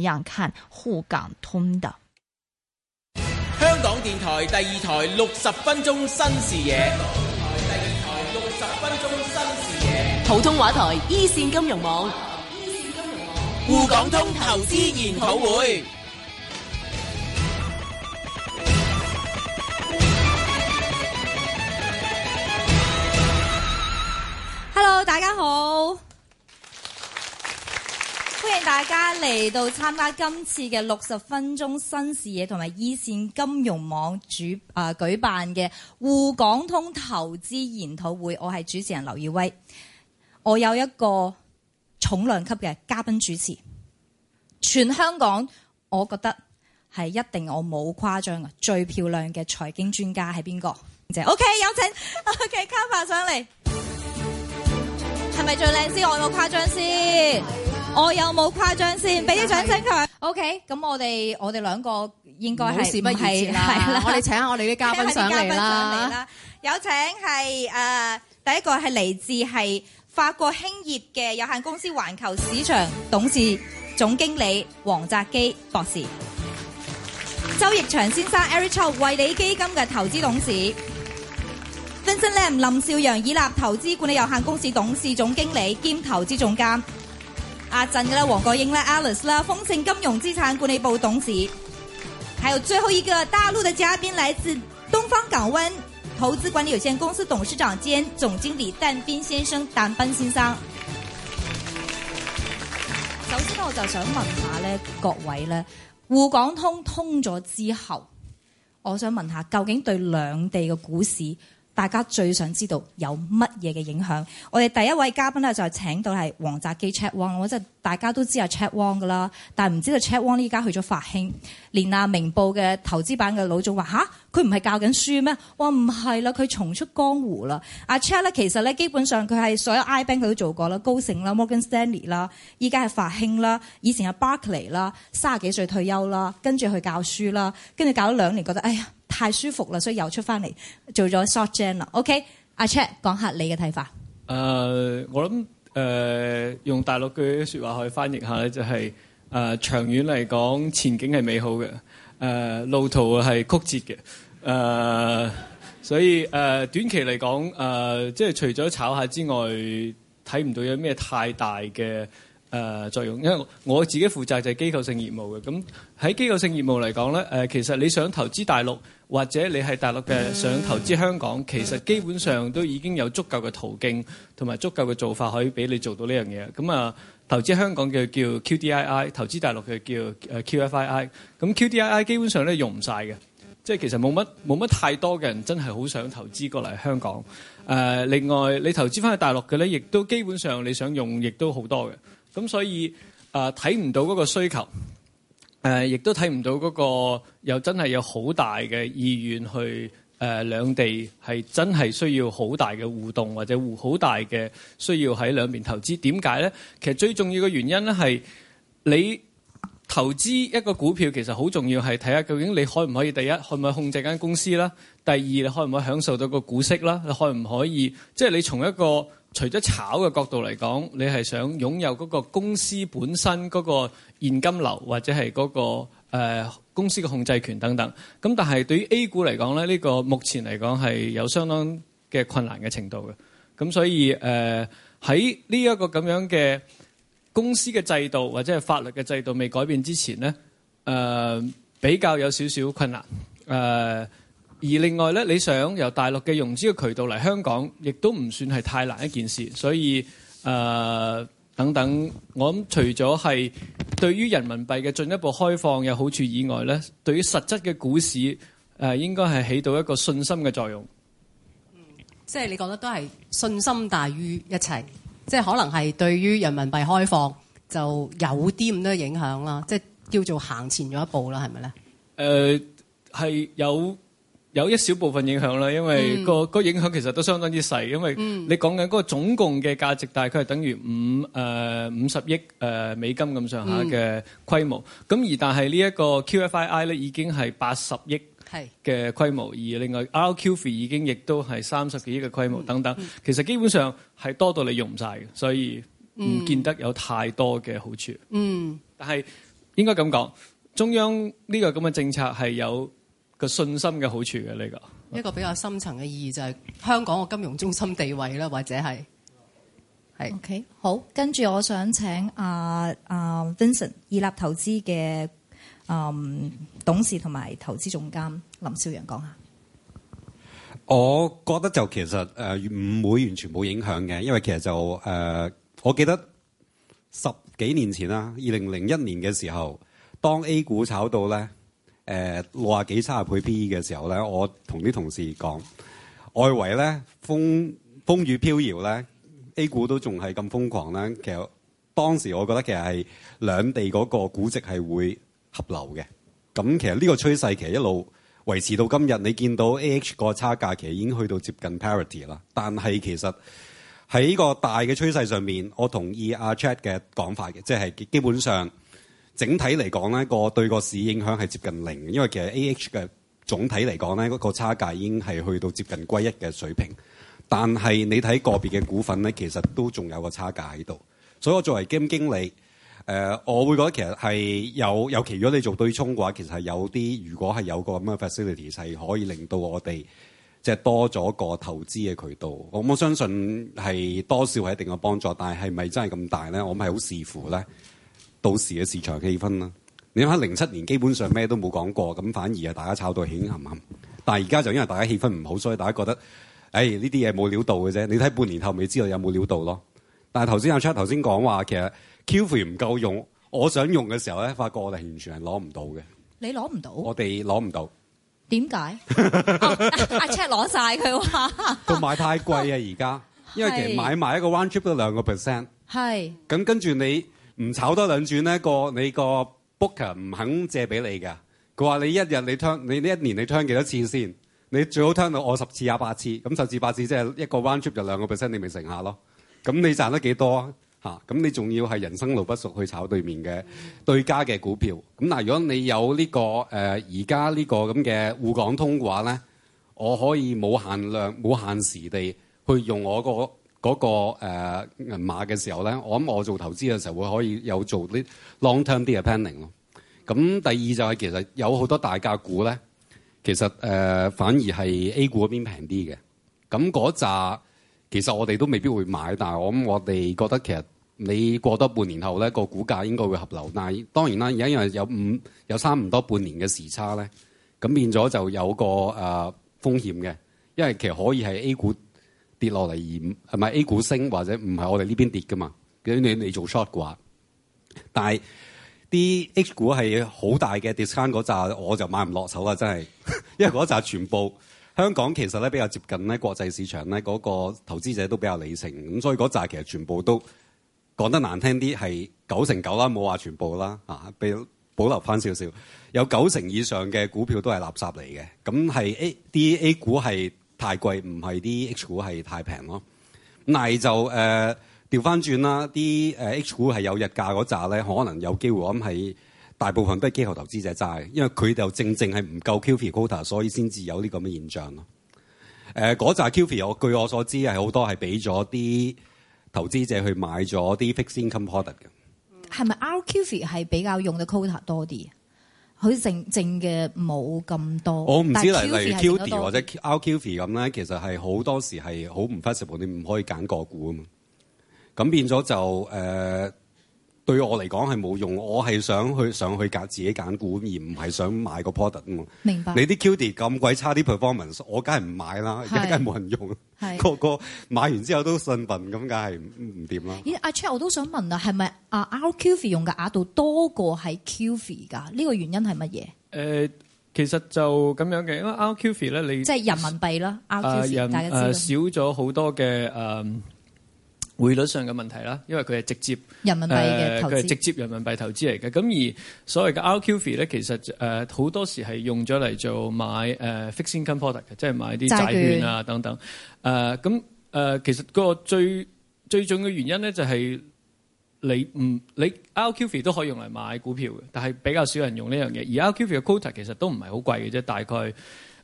.樣看滬港通的。香港電台第二台六十分鐘新視野。普通話台一綫金融網。滬港通投資研討會。Hello，大家好。歡迎大家嚟到參加今次嘅六十分鐘新視野同埋依線金融網主啊舉辦嘅滬港通投資研討會，我係主持人劉耀威。我有一個重量級嘅嘉賓主持，全香港我覺得係一定我冇誇張嘅最漂亮嘅財經專家係邊個？謝，OK，有請 o、okay, k 卡 o 上嚟，係咪最靚先？我冇誇張先？我有冇誇張先？俾啲掌聲佢。O K，咁我哋我哋兩個應該係事不以係啦。的我哋請下我哋啲嘉賓上嚟啦。上有請係誒、呃、第一個係嚟自係法國興業嘅有限公司環球市場董事總經理王澤基博士。周翊祥先生，Eric Chow 惠理基金嘅投資董事。Vincent Lam，林少陽，以立投資管理有限公司董事總經理兼投資總監。阿振啦、黃國英啦、Alice 啦、豐盛金融資產管理部董事，還有最後一個大陸的嘉賓，來自東方港灣投資管理有限公司董事長兼總經理但斌先生，但斌先生首先我就想問下咧，各位咧，滬港通通咗之後，我想問下，究竟對兩地嘅股市？大家最想知道有乜嘢嘅影響？我哋第一位嘉賓咧就係請到係王澤基 Chak Wong，我真係大家都知阿 Chak Wong 噶啦，但唔知道 Chak Wong 依家去咗法興，連阿明報嘅投資版嘅老總話吓，佢唔係教緊書咩？哇唔係啦，佢重出江湖啦。阿 Chak 咧其實咧基本上佢係所有 I Bank 佢都做過啦，高盛啦、Morgan Stanley 啦，依家係法興啦，以前阿 Barclay 啦，三十幾歲退休啦，跟住去教書啦，跟住教咗兩年覺得哎呀。太舒服啦，所以又出翻嚟做咗 short gen 啦。OK，阿 Chak 講下你嘅睇法。誒、uh，我諗誒用大陸句説話去翻譯下咧，就係、是、誒、uh，長遠嚟講前景係美好嘅誒，uh，路途係曲折嘅誒，uh，所以誒、uh，短期嚟講誒即係除咗炒下之外，睇唔到有咩太大嘅。誒作用，因為我自己負責就係機構性業務嘅。咁喺機構性業務嚟講咧，誒其實你想投資大陸或者你係大陸嘅，想投資香港，其實基本上都已經有足夠嘅途徑同埋足夠嘅做法，可以俾你做到呢樣嘢。咁啊，投資香港嘅叫 QDII，投資大陸嘅叫誒 QFII。咁 QDII 基本上咧用唔晒嘅，即係其實冇乜冇乜太多嘅人真係好想投資過嚟香港。誒、呃、另外你投資翻去大陸嘅咧，亦都基本上你想用，亦都好多嘅。咁所以啊，睇唔到嗰個需求，誒、啊，亦都睇唔到嗰個又真係有好大嘅意願去誒兩、啊、地係真係需要好大嘅互動或者互好大嘅需要喺兩邊投資，點解咧？其實最重要嘅原因咧，係你投資一個股票，其實好重要係睇下究竟你可唔可以第一，可唔可以控制間公司啦？第二，你可唔可以享受到個股息啦？你可唔可以？即、就、係、是、你從一個。除咗炒嘅角度嚟講，你係想擁有嗰個公司本身嗰個現金流，或者係嗰、嗰個、呃、公司嘅控制權等等。咁但係對於 A 股嚟講咧，呢、呢個目前嚟講係有相當嘅困難嘅程度嘅。咁所以誒喺呢一個咁樣嘅公司嘅制度或者係法律嘅制度未改變之前咧、呃，比較有少少困難、呃而另外咧，你想由大陸嘅融資嘅渠道嚟香港，亦都唔算係太難一件事。所以，呃、等等，我諗除咗係對於人民幣嘅進一步開放有好處以外咧，對於實質嘅股市誒、呃，應該係起到一個信心嘅作用。嗯，即係你覺得都係信心大於一切，即係可能係對於人民幣開放就有啲咁多影響啦。即係叫做行前咗一步啦，係咪咧？誒、呃，係有。有一小部分影響啦，因為個個影響其實都相當之細，嗯、因為你講緊嗰個總共嘅價值大概係等於五誒五十億誒美金咁上下嘅規模，咁、嗯、而但係呢一個 QFII 咧已經係八十億嘅規模，是而另外 RQF 已經亦都係三十幾億嘅規模等等，嗯嗯、其實基本上係多到你用唔晒嘅，所以唔見得有太多嘅好處。嗯，但係應該咁講，中央呢個咁嘅政策係有。個信心嘅好處嘅、啊、呢、這個一個比較深層嘅意義就係香港嘅金融中心地位啦，或者係係。OK，好，跟住我想請阿、uh, uh, Vincent 以立投資嘅、um, 董事同埋投資總監林少陽講下。我覺得就其實誒唔、uh, 會完全冇影響嘅，因為其實就、uh, 我記得十幾年前啦，二零零一年嘅時候，當 A 股炒到咧。誒六啊幾差倍 P E 嘅時候咧，我同啲同事講，外圍咧風,風雨飄搖咧，A 股都仲係咁瘋狂咧。其實當時我覺得其實係兩地嗰個估值係會合流嘅。咁其實呢個趨勢其實一路維持到今日。你見到 A H 嗰個差價其實已經去到接近 parity 啦。但係其實喺呢個大嘅趨勢上面，我同意阿 Chat 嘅講法嘅，即係基本上。整體嚟講咧，個對個市影響係接近零，因為其實 AH 嘅總體嚟講咧，嗰、那個差價已經係去到接近歸一嘅水平。但係你睇個別嘅股份咧，其實都仲有個差價喺度。所以我作為基金經理，誒、呃，我會覺得其實係有，尤其如果你做對沖嘅話，其實係有啲，如果係有個咁嘅 facilities 係可以令到我哋即係多咗個投資嘅渠道。我、嗯、我相信係多少係一定嘅幫助，但係係咪真係咁大咧？我唔係好視乎咧。到時嘅市場氣氛啦，你諗下零七年基本上咩都冇講過，咁反而係大家炒到險，係唔係？但係而家就因為大家氣氛唔好，所以大家覺得，誒呢啲嘢冇料到嘅啫。你睇半年後，未知道有冇料到咯。但係頭先阿 Chuck 頭先講話，其實 QFII 唔夠用，我想用嘅時候咧，發覺我哋完全係攞唔到嘅。你攞唔到？我哋攞唔到。點解？阿 Chuck 攞晒佢話，同埋太貴啊！而家 因為其實買埋 一個 round trip 都兩個 percent，係。咁 是跟住你。唔炒多兩轉咧，個你個 booker 唔肯借俾你㗎。佢話你一日你 turn，你呢一年你 turn 幾多次先？你最好 turn 到我十次啊八次。咁十次八次即係一個 round trip 就兩個 percent，你咪乘下咯。咁你賺得幾多啊？吓！咁你仲要係人生路不熟去炒對面嘅對家嘅股票。咁嗱，如果你有呢個誒而家呢個咁嘅滬港通嘅話咧，我可以冇限量、冇限時地去用我個。嗰、那個誒、呃、銀碼嘅時候咧，我諗我做投資嘅時候會可以有做啲 long term 啲嘅 planning 咯。咁第二就係其實有好多大價股咧，其實誒、呃、反而係 A 股嗰邊平啲嘅。咁嗰扎其實我哋都未必會買，但係我諗我哋覺得其實你過多半年後咧、那個股價應該會合流。但係當然啦，而家因為有五有差唔多半年嘅時差咧，咁變咗就有個誒、呃、風險嘅，因為其實可以係 A 股。跌落嚟，而唔係 A 股升，或者唔係我哋呢邊跌噶嘛？如果你，你做 short 嘅話，但係啲 H 股係好大嘅 discount 嗰扎，下那，我就買唔落手啦，真係，因為嗰扎全部 香港其實咧比較接近咧國際市場咧，嗰、嗰個投資者都比較理性，咁所以嗰扎其實全部都講得難聽啲係九成九啦，冇話全部啦啊，俾保留翻少少，有九成以上嘅股票都係垃圾嚟嘅，咁係 A 啲 A 股係，太貴，唔係啲 H 股係太平咯，嗱就誒調翻轉啦，啲、呃、H 股係有日價嗰紮咧，可能有機會咁係，大部分都係機構投資者揸嘅，因為佢就正正係唔夠 QFII quota，所以先至有呢個咁嘅現象咯。誒嗰扎 QFII 我據我所知係好多係俾咗啲投資者去買咗啲 Fixed Income Product 嘅，係咪 RQFII 係比較用嘅 quota 多啲？好似剩剩嘅冇咁多，我唔知例如 QD 或者 RQV 咁咧，其實係好多時係好唔 feasible，你唔可以揀個，個股啊嘛，咁變咗就誒。呃對我嚟講係冇用，我係想去上去揀自己揀股，而唔係想買個 product。明白。你啲 QD 咁鬼差啲 performance，我梗係唔買啦，而家梗係冇人用。係個是個買完之後都信笨咁，梗係唔掂啦。阿 Check 我都想問啊，係咪啊 RQV 用嘅額度多過喺 QV 㗎？呢、呢個原因係乜嘢？誒、呃，其實就咁樣嘅，因為 RQV 咧，你即係人民幣啦、啊、，RQV 大家知。誒、呃、少咗好多嘅誒。呃匯率上嘅問題啦，因為佢係直接，佢係、呃、直接人民幣投資嚟嘅。咁而所謂嘅 r q f 咧，其實誒好、呃、多時係用咗嚟做買誒、呃、fixed income product 嘅，即係買啲債券啊等等。誒咁誒，其實個最最重要嘅原因咧，就係你唔你 r q f 都可以用嚟買股票嘅，但係比較少人用呢樣嘢。而 r q f 嘅 quota 其實都唔係好貴嘅啫，大概。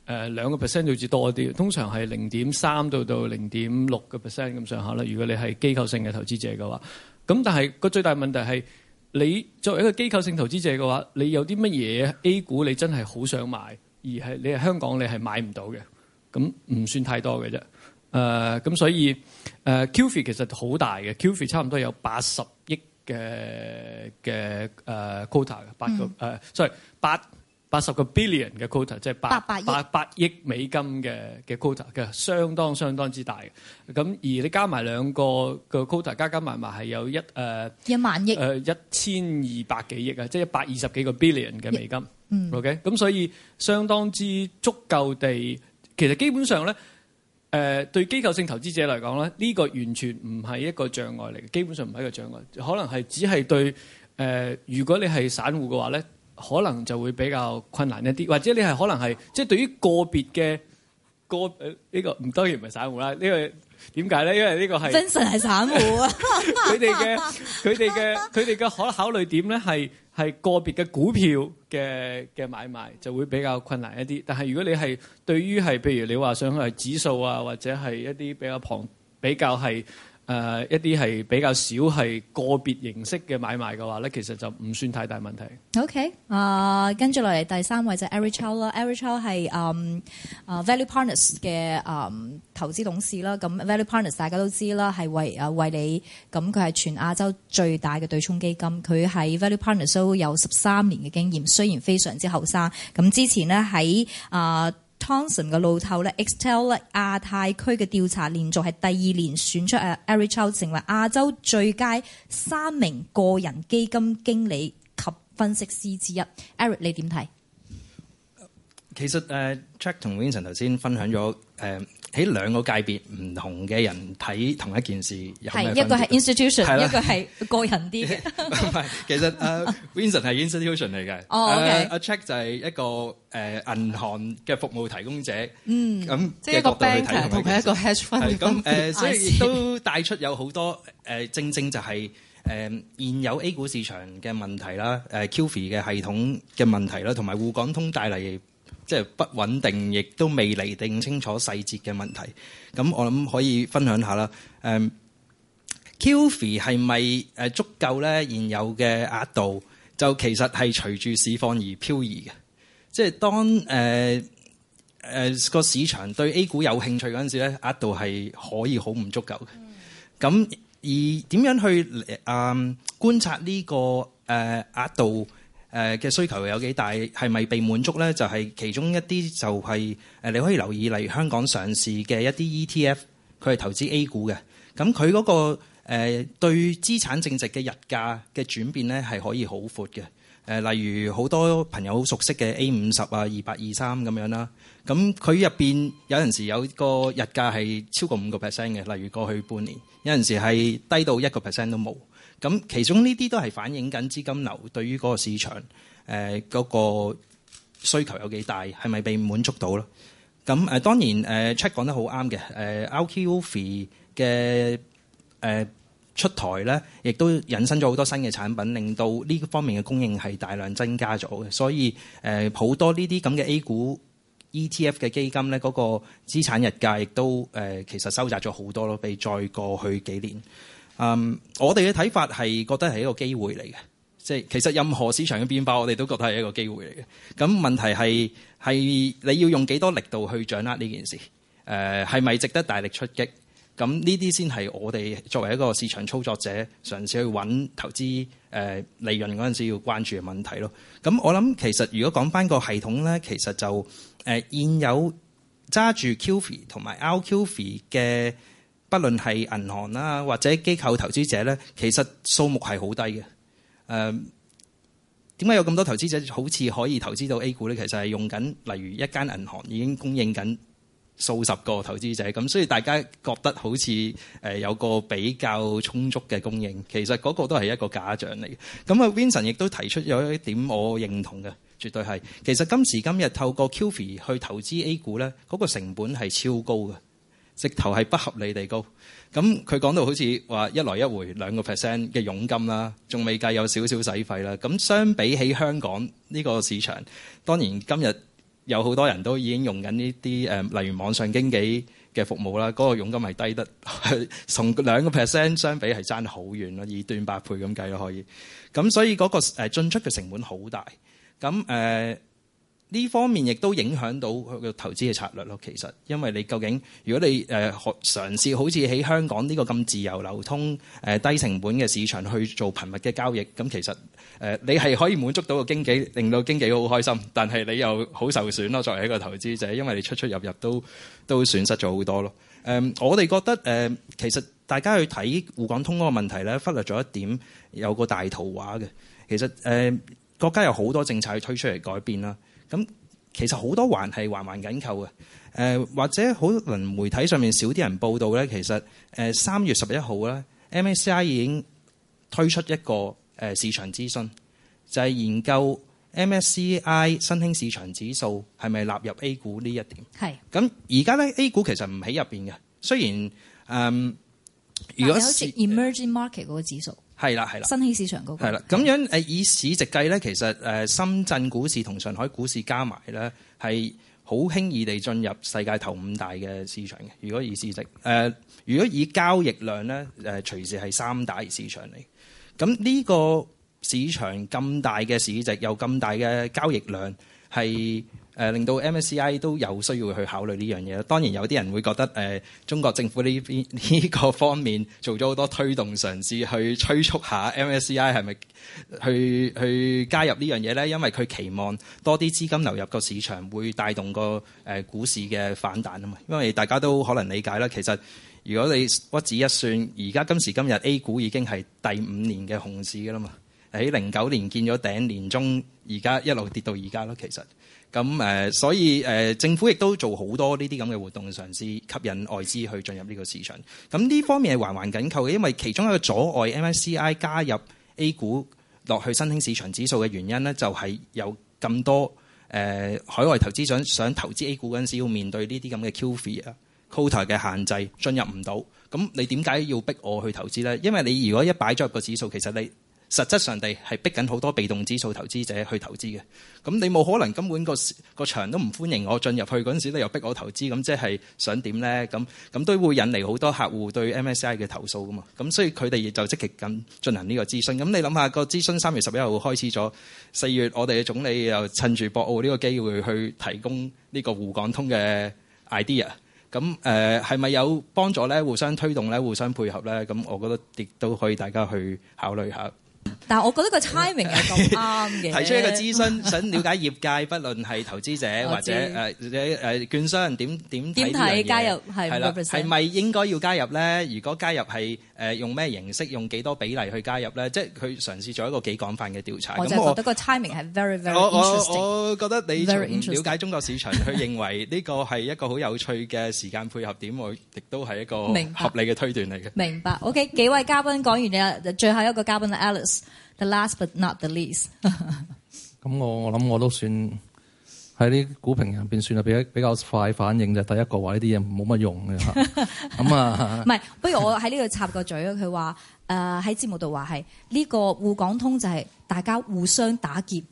誒兩個 percent 好似多啲，通常係零點三到到零點六個 percent 咁上下啦。如果你係機構性嘅投資者嘅話，咁但係個最大問題係你作為一個機構性投資者嘅話，你有啲乜嘢 A 股你真係好想買，而係你係香港你係買唔到嘅，咁唔算太多嘅啫。誒、呃、咁所以誒 QFII 其實好大嘅 QFII 差唔多有八十億嘅嘅誒、呃、quota 嘅八個誒、嗯呃、sorry 八。八十個 billion 嘅 quota，即係八八八億美金嘅嘅 quota，嘅相當相當之大嘅。咁而你加埋兩個 quota，加加埋埋係有一, uh, 一萬億, uh, 一千二百幾億啊，即係一百二十幾個 billion 嘅美金。OK 咁所以相當之足夠地，其實基本上咧，誒對機構性投資者嚟講咧，呢、呢個完全唔係一個障礙嚟嘅，基本上唔係一個障礙，可能係只係對、呃、如果你係散戶嘅話咧。可能就會比較困難一啲，或者你係可能係即係對於個別嘅個呢、呢個唔當然唔係散戶啦，呢個、為呢為點解咧？因為呢個係真實係散戶啊，佢哋嘅佢哋嘅佢哋嘅可考慮點咧？係係個別嘅股票嘅嘅買賣就會比較困難一啲，但係如果你係對於係譬如你話想係指數啊，或者係一啲比較旁比較係。誒、uh, 一啲係比較少係個別形式嘅買賣嘅話咧，其實就唔算太大問題。OK，啊，跟住落嚟第三位就係 Eric Chow 啦。Eric Chow 係啊、um, uh, Value Partners 嘅啊、um, 投資董事啦。咁、um, Value Partners 大家都知啦，係為啊、uh, 為你咁佢係全亞洲最大嘅對沖基金。佢喺 Value Partners 都有十三年嘅經驗，雖然非常之後生。咁、嗯、之前咧喺啊。Thompson 嘅路透咧，Extel 亞太區嘅調查連續係第二年選出 Eric Chow 成為亞洲最佳三名個人基金經理及分析師之一。Eric，你點睇？其實 Jack 同 Vincent 頭先分享咗誒，喺、呃、兩個界別唔同嘅人睇同一件事有咩分別？係一個係 institution，< 對了 S 1> 一個係個人啲嘅。唔係，其實誒、 uh, Vincent 係 institution 嚟嘅。哦，OK。阿 Jack、uh, 就係一個誒、呃、銀行嘅服務提供者。嗯。咁、嗯、即係一個 bank 同佢一個、er、個 hedge fund。咁誒，所以都帶出有好多誒， uh, 正正就係、是、誒、uh, 現有 A 股市場嘅問題啦，誒、uh, QFII 嘅系統嘅問題啦，同埋滬港通帶嚟。即係不穩定，亦都未釐定清楚細節嘅問題。咁我諗可以分享一下啦。誒，QFI 係咪誒足夠咧？現有嘅額度就其實係隨住市況而漂移嘅。即係當誒誒個市場對 A 股有興趣嗰陣時咧，額度係可以好唔足夠嘅。咁、嗯、而點樣去誒、呃、觀察呢、這個誒額、呃、度？誒嘅需求有幾大，係咪被滿足呢？就係、是、其中一啲就係、是、你可以留意，例如香港上市嘅一啲 ETF，佢係投資 A 股嘅。咁佢嗰個誒、呃、對資產淨值嘅日價嘅轉變呢，係可以好闊嘅、呃。例如好多朋友好熟悉嘅 A 五十啊、二八二三咁樣啦。咁佢入邊有陣時有個日價係超過五個 percent 嘅，例如過去半年有陣時係低到一個 percent 都冇。咁其中呢啲都係反映緊資金流對於嗰個市場誒嗰、呃那個需求有幾大，係咪被滿足到咯？咁誒、呃、當然誒 Check 講得好啱嘅，誒 LQF 嘅誒出台咧，亦都引申咗好多新嘅產品，令到呢方面嘅供應係大量增加咗嘅。所以誒好、呃、多呢啲咁嘅 A 股 ETF 嘅基金咧，嗰、那個資產日價亦都誒、呃、其實收窄咗好多咯，比再過去幾年。嗯，um, 我哋嘅睇法係覺得係一個機會嚟嘅，即係其實任何市場嘅變化，我哋都覺得係一個機會嚟嘅。咁問題係係你要用幾多力度去掌握呢件事？誒係咪值得大力出擊？咁呢啲先係我哋作為一個市場操作者，嘗試去揾投資誒、呃、利潤嗰陣時要關注嘅問題咯。咁我諗其實如果講翻個系統咧，其實就誒、呃、現有揸住 QF 同埋 RQF 嘅。不論係銀行啦，或者機構投資者咧，其實數目係好低嘅。誒、嗯，點解有咁多投資者好似可以投資到 A 股咧？其實係用緊，例如一間銀行已經供應緊數十個投資者，咁所以大家覺得好似有個比較充足嘅供應，其實嗰個都係一個假象嚟。咁啊，Vincent 亦都提出有一點我認同嘅，絕對係。其實今時今日透過 QFII 去投資 A 股咧，嗰、那個成本係超高嘅。直頭係不合理地高，咁佢講到好似話一來一回兩個 percent 嘅佣金啦，仲未計有少少使費啦。咁相比起香港呢個市場，當然今日有好多人都已經用緊呢啲誒，例如網上經紀嘅服務啦，嗰個佣金係低得同兩個 percent 相比係爭好遠喇，以斷百倍咁計都可以。咁所以嗰個誒進出嘅成本好大。咁誒。呃呢方面亦都影響到佢個投資嘅策略咯。其實，因為你究竟如果你嘗試、呃、好似喺香港呢個咁自由流通、呃、低成本嘅市場去做頻密嘅交易，咁其實、呃、你係可以滿足到個經紀，令到經紀好開心。但係你又好受損咯，作為一個投資者，因為你出出入入都都損失咗好多咯。誒、呃，我哋覺得、呃、其實大家去睇滬港通嗰個問題咧，忽略咗一點有個大圖畫嘅。其實誒、呃、國家有好多政策去推出嚟改變啦。咁其實好多還係環環緊扣嘅，或者可能媒體上面少啲人報道咧。其實誒三月十一號咧，MSCI 已經推出一個市場諮詢，就係、是、研究 MSCI 新興市場指數係咪納入 A 股呢一點。係是。咁而家咧 A 股其實唔喺入邊嘅，雖然如果、呃、有 Emerging Market 嗰指係啦，係啦，新興市場嗰個係啦，咁樣誒以市值計咧，其實誒深圳股市同上海股市加埋咧係好輕易地進入世界頭五大嘅市場嘅。如果以市值誒、呃，如果以交易量咧誒、呃，隨時係三大市場嚟。咁呢個市場咁大嘅市值，有咁大嘅交易量係。誒令到 MSCI 都有需要去考慮呢樣嘢咯。當然有啲人會覺得誒、呃、中國政府呢邊呢個方面做咗好多推動嘗試去催促下 MSCI 係咪去去加入這件事呢樣嘢呢？因為佢期望多啲資金流入個市場會帶動個誒、呃、股市嘅反彈啊嘛。因為大家都可能理解啦，其實如果你屈指一算，而家今時今日 A 股已經係第五年嘅熊市噶啦嘛。喺零九年見咗頂，年中而家一路跌到而家咯，其實。咁誒、呃，所以誒、呃，政府亦都做好多呢啲咁嘅活動嘅嘗試，吸引外資去進入呢個市場。咁呢方面係環環緊扣嘅，因為其中一個阻礙 MSCI 加入 A 股落去新興市場指數嘅原因咧，就係、是、有咁多誒、呃、海外投資者想，想投資 A 股嗰陣時，要面對呢啲咁嘅 QF 啊、quota 嘅限制，進入唔到。咁你點解要逼我去投資咧？因為你如果一擺咗個指數，其實你實質上地係逼緊好多被動指數投資者去投資嘅，咁你冇可能根本個個場都唔歡迎我進入去嗰陣時，你又逼我投資，咁即係想點呢？咁咁都會引嚟好多客戶對 MSCI 嘅投訴噶嘛，咁所以佢哋亦就積極咁進行呢個諮詢想想。咁你諗下個諮詢三月十一號開始咗，四月我哋嘅總理又趁住博鰲呢個機會去提供呢個滬港通嘅 idea。咁誒係咪有幫助呢？互相推動呢？互相配合呢？咁我覺得亦都可以大家去考慮下。但係，我覺得個 timing 係咁啱嘅。 提出一個諮詢，想了解業界，不論係投資者或者誒誒、呃呃、券商點點點睇加入係啦，係咪應該要加入咧？如果加入係誒、呃、用咩形式，用幾多比例去加入咧？即係佢嘗試做一個幾廣泛嘅調查。我就覺得個 timing 係 very very 我我我覺得你了解中國市場，佢認為呢個係一個好有趣嘅時間配合點， 我亦都係一個明合理嘅推斷嚟嘅。明白。OK，幾位嘉賓講完你啊， 最後一個嘉賓 Alice。The last but not the least、 嗯。咁我我諗我都算喺啲股評人入邊算啦，比比較快反應就第一個話呢啲嘢冇乜用嘅吓。咁、 嗯、啊，唔係，不如我喺呢度插個嘴啊。佢話誒喺節目度話係呢個滬港通就係大家互相打劫，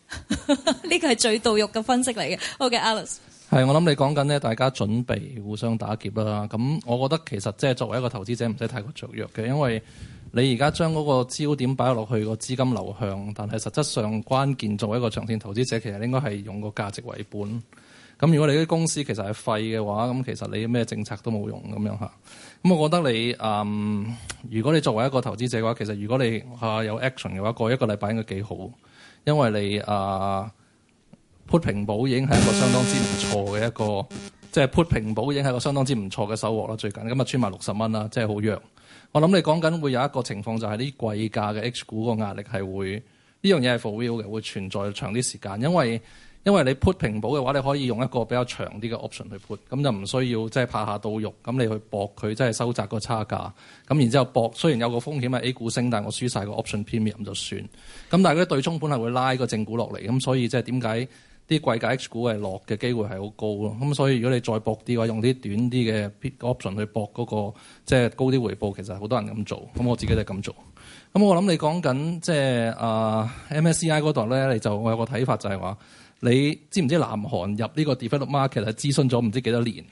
呢個係最到肉嘅分析嚟嘅。O、okay, K，Alice。係，我諗你講緊呢，大家準備互相打劫啦。咁我覺得其實即係作為一個投資者，唔使太過雀躍嘅，因為，你而家將嗰個焦點擺落去個資金流向，但係實質上關鍵，作為一個長線投資者，其實應該係用個價值為本。咁如果你啲公司其實係廢嘅話，咁其實你咩政策都冇用咁樣吓。咁我覺得你，嗯，如果你作為一個投資者嘅話，其實如果你啊有 action 嘅話，過一個禮拜應該幾好，因為你啊 put 平保已經係一個相當之唔錯嘅一個。即係 put 平保已經係個相當之唔錯嘅收穫啦，最近咁啊，穿埋六十蚊啦，即係好弱。我諗你講緊會有一個情況，就係、是、啲貴價嘅 H 股個壓力係會呢樣嘢係 for real 嘅，會存在長啲時間，因為因為你 put 平保嘅話，你可以用一個比較長啲嘅 option 去 put，咁就唔需要即係拍下到肉，咁你去搏佢即係收窄個差價，咁然之後搏雖然有個風險係 A 股升，但係我輸晒個 option premium 咁就算。咁但係啲對沖本係會拉個正股落嚟，咁所以即係點解？啲貴價 H 股係落嘅機會係好高咯，咁所以如果你再博啲話，用啲短啲嘅 Peak option 去博嗰、那個即係、就是、高啲回報，其實好多人咁做，咁我自己就咁做。咁我諗你講緊即係啊 MSCI 嗰度咧，你就我有個睇法就係、是、話，你知唔知南韓入呢個 developed market 係諮詢咗唔知幾多年，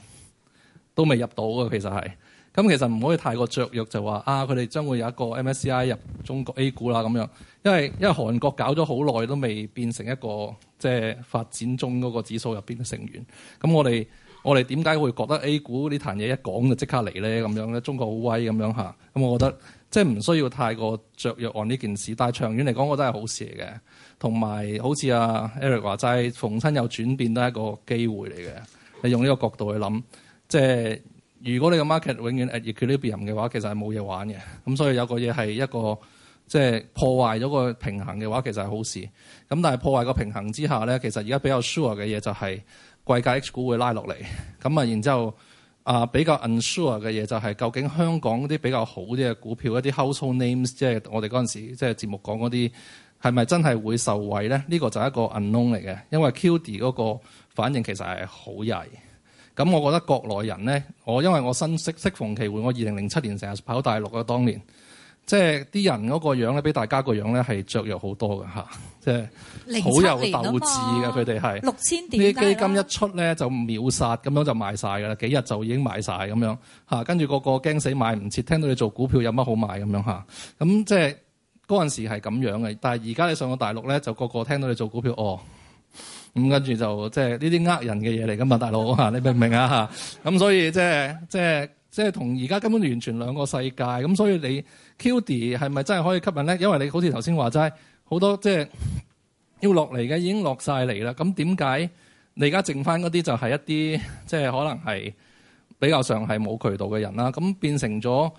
都未入到嘅其實係。咁其實唔可以太過雀躍就話啊，佢哋將會有一個 MSCI 入中國 A 股啦咁樣，因為因為韓國搞咗好耐都未變成一個即係發展中嗰個指數入邊嘅成員。咁我哋我哋點解會覺得 A 股呢壇嘢一講就即刻嚟咧咁樣咧？中國好威咁樣嚇。咁我覺得即係唔需要太過雀躍按呢件事，但係長遠嚟講，我真係好事嘅。同埋好似阿、啊、Eric 話齋，逢親有轉變都係一個機會嚟嘅。你用呢個角度去諗，即係。如果你個 market 永遠 at equilibrium 嘅話，其實係冇嘢玩嘅。咁所以有個嘢係一個即係、就是、破壞咗個平衡嘅話，其實係好事。咁但係破壞個平衡之下咧，其實而家比較 sure 嘅嘢就係貴價 H 股會拉落嚟。咁啊，然之後啊比較 unsure 嘅嘢就係究竟香港啲比較好啲嘅股票一啲 household names，即係我哋嗰陣時即係、就是、節目講嗰啲，係咪真係會受惠咧？呢、這個就係一個 unknown 嚟嘅，因為 QDII 嗰個反應其實係好曳。咁我覺得國內人咧，我因為我新適適逢其會，我二零零七年成日跑大陸啊，當年即係啲人嗰個樣咧，俾大家個樣咧係雀躍好多㗎。即係好 0 7 有鬥志㗎。佢哋係。六千點啲基金一出咧就秒殺，咁樣就賣曬㗎啦，幾日就已經賣曬咁樣嚇，跟住、啊、個個驚死買唔切，聽到你做股票有乜好買咁樣嚇。咁、啊、即係嗰陣時係咁樣嘅，但係而家你上到大陸咧，就個個聽到你做股票哦。咁跟住就即係呢啲呃人嘅嘢嚟噶嘛，大佬吓，你明唔明啊？咁 所以即係即係即係同而家根本完全兩個世界。咁所以你 QD 係咪真係可以吸引咧？因為你好似頭先話齋，好多即係、就是、要落嚟嘅已經落晒嚟啦。咁點解你而家剩翻嗰啲就係一啲即係可能係比較上係冇渠道嘅人啦？咁變成咗。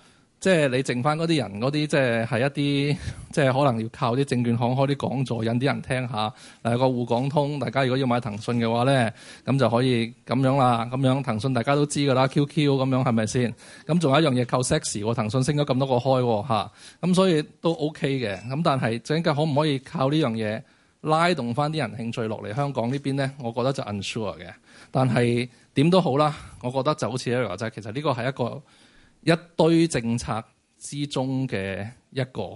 即係你剩翻嗰啲人，嗰啲即係係一啲，即係可能要靠啲證券行開啲講座，引啲人聽下。誒個滬港通，大家如果要買騰訊嘅話咧，咁就可以咁樣啦。咁樣騰訊大家都知㗎啦，QQ 咁樣係咪先？咁仲有一樣嘢靠 sex 喎，騰訊升咗咁多個開喎、喔，嚇、啊。咁所以都 OK 嘅。咁但係陣間可唔可以靠呢樣嘢拉動翻啲人興趣落嚟香港呢邊咧？我覺得就 unsure 嘅。但係點都好啦，我覺得就好似你話齋，其實呢個係一個。一堆政策之中嘅一個，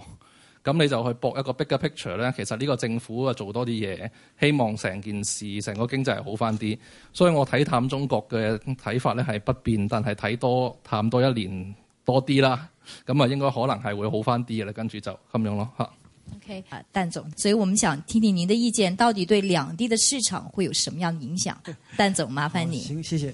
咁你就去搏一個 big picture 咧。其實呢個政府啊做多啲嘢，希望成件事成個經濟好翻啲。所以我睇淡中國嘅睇法咧係不變，但係睇多淡多一年多啲啦，咁啊應該可能係會好翻啲嘅啦。跟住就咁樣咯，嚇。OK 啊，但總，所以我們想聽聽您的意見，到底對兩地嘅市場會有什麼樣嘅影響？但總，麻煩你。行，謝謝。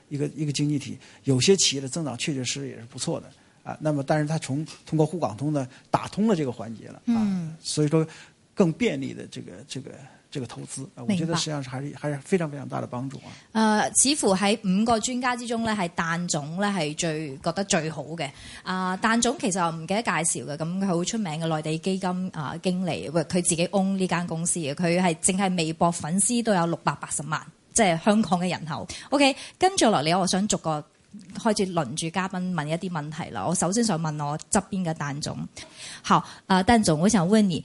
一個一個經濟體，有些企業的增長確確實實也是不錯的啊。那麼，但是它從通過滬港通呢，打通了這個環節了啊。嗯、所以說，更便利的這個這個這個投資啊，明白。我覺得實際上是還是還是非常非常大的幫助啊。呃，似乎喺五個專家之中咧，係但總咧係最覺得最好嘅啊。但、呃、總其實我唔記得介紹嘅，咁佢好出名嘅內地基金啊、呃、經理，喂，佢自己 own 呢間公司嘅，佢係淨係微博粉絲都有六百八十萬。即係香港嘅人口，OK。跟住落嚟，我想逐個開始輪住嘉賓問一啲問題啦。我首先想問我側邊嘅但總，好啊，但、呃、總，我想問你，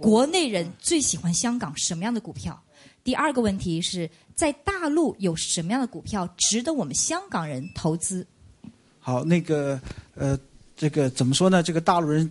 國內人最喜歡香港什麼樣嘅股票？第二個問題是在大陸有什麼樣嘅股票值得我們香港人投資？好，那個，呃，這個怎麼說呢？這個大陸人。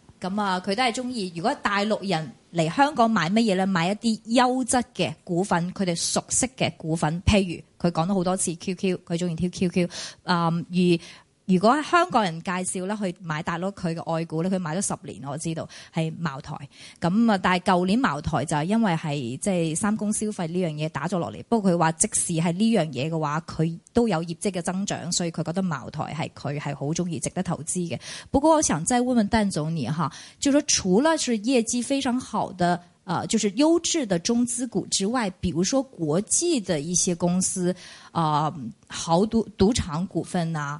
咁啊，佢都係鍾意。如果大陸人嚟香港買乜嘢呢？買一啲優質嘅股份，佢哋熟悉嘅股份，譬如佢講咗好多次 QQ，佢鍾意挑 QQ。嗯，而如果香港人介紹啦去買大陸佢嘅愛股咧，佢買咗十年，我知道係茅台。咁啊，但係舊年茅台就係因為係即係三公消費呢樣嘢打咗落嚟。不過佢話即使係呢樣嘢嘅話，佢都有業績嘅增長，所以佢覺得茅台係佢係好鍾意、值得投資嘅。不過我想再問問但總你就是除咗是業績非常好的，呃，就是優質嘅中資股之外，譬如說國際的一些公司，啊，濠賭賭場股份啊。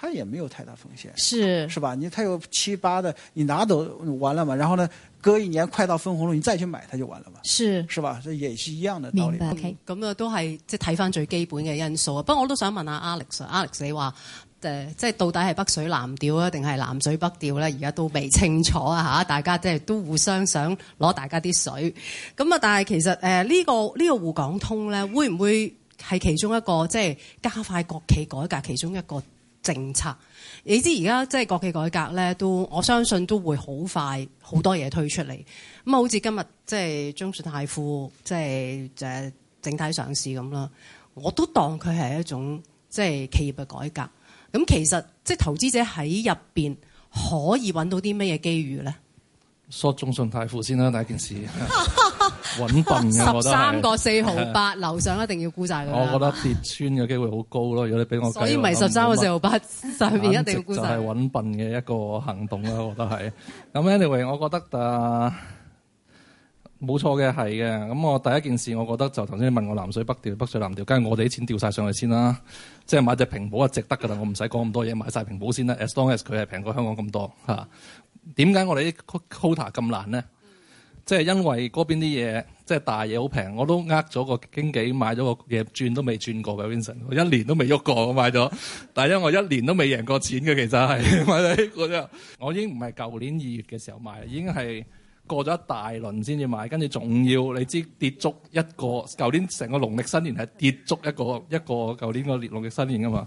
它也沒有太大風險，是是吧？你它有七八的，你拿走完了嘛？然後呢，隔一年快到分紅了，你再去買它就完了嘛？是是吧？這也是一樣的道理。明白。OK，咁啊，都係即係睇翻最基本嘅因素啊。不過我都想問下 Alex，Alex Alex, 你話誒、呃，即係到底係北水南調啊，定係南水北調咧？而家都未清楚啊！吓，大家即係都互相想攞大家啲水。咁啊，但係其實誒，呢、呃呢個呢、呢個滬港通咧，會唔會係其中一個即係加快國企改革其中一個？政策，你知而家即係國企改革咧，都我相信都會好快好多嘢推出嚟。咁啊，好似今日即係中信泰富即係誒整體上市咁啦，我都當佢係一種即係、就是、企業嘅改革。咁其實即係、就是、投資者喺入邊可以揾到啲咩嘢機遇咧？索中信泰富先啦、啊，第一件事。 穩笨嘅，十三個四毫八，樓、嗯、上一定要沽晒，我覺得跌穿嘅機會好高咯， 如果你俾我，所以咪十三個四毫八上邊一定要沽晒。 就係穩笨嘅一個行動啦，我覺得係。咁 anyway，我覺得啊冇錯嘅係嘅。咁我第一件事，我覺得就頭先你問我南水北調、北水南調，梗係我哋啲錢掉晒上去先啦。即、就、係、是、買隻平保啊，值得噶啦，我唔使講咁多嘢，買晒平保先啦。As long as 佢係平過香港咁多吓，點、啊、解我哋啲 quota 咁難咧？即係因為嗰邊啲嘢，即係大嘢好平，我都呃咗個經紀買咗個嘢，轉都未轉過嘅，Vincent，我一年都未喐過，我買咗。但係因為我一年都未贏過錢嘅，其實係，我已經唔係舊年二月嘅時候買，已經係過咗一大輪先至買。跟住仲要，你知跌足一個，舊年成個農曆新年係跌足一個一個舊年個農曆新年㗎嘛。